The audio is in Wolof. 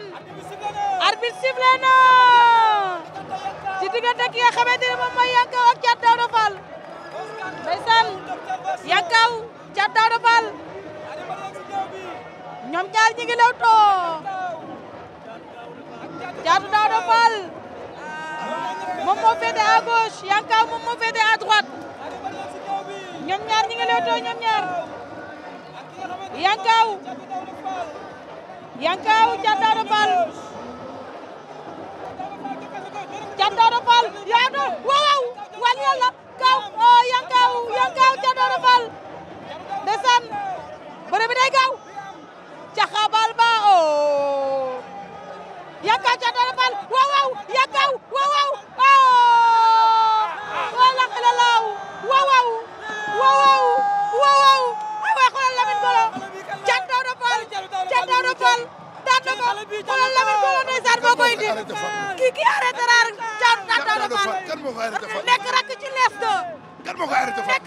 ndeysaan arbitre sifflé na ci diggante ki nga xamante ne Yankaw ak Thiat Daouda Fall ndeysaan Yankaw Thiat Daouda Fall ñoom ñaar ñi Yankaw moom moo féete à ñaar ñi ngi lewtoo ñoom ñaar Yankaw Yankaw Thiat Daouda Fall Thiat Daouda Fall yaa do waaw waaw wàññil na kaw oh, Yankaw Yankaw Thiat Daouda Fall ndeysaan bëre bi day gaaw caxabal ba o oh. Yankaw Thiat Daouda Fall waaw waaw Yankaw waaw o wala xelalaaw waaw oh. xoolal Lamine Golo ndeysaan moo koy indi kii kii arrêté raar Thiatou Daouda Fall nekk rakk ci lees do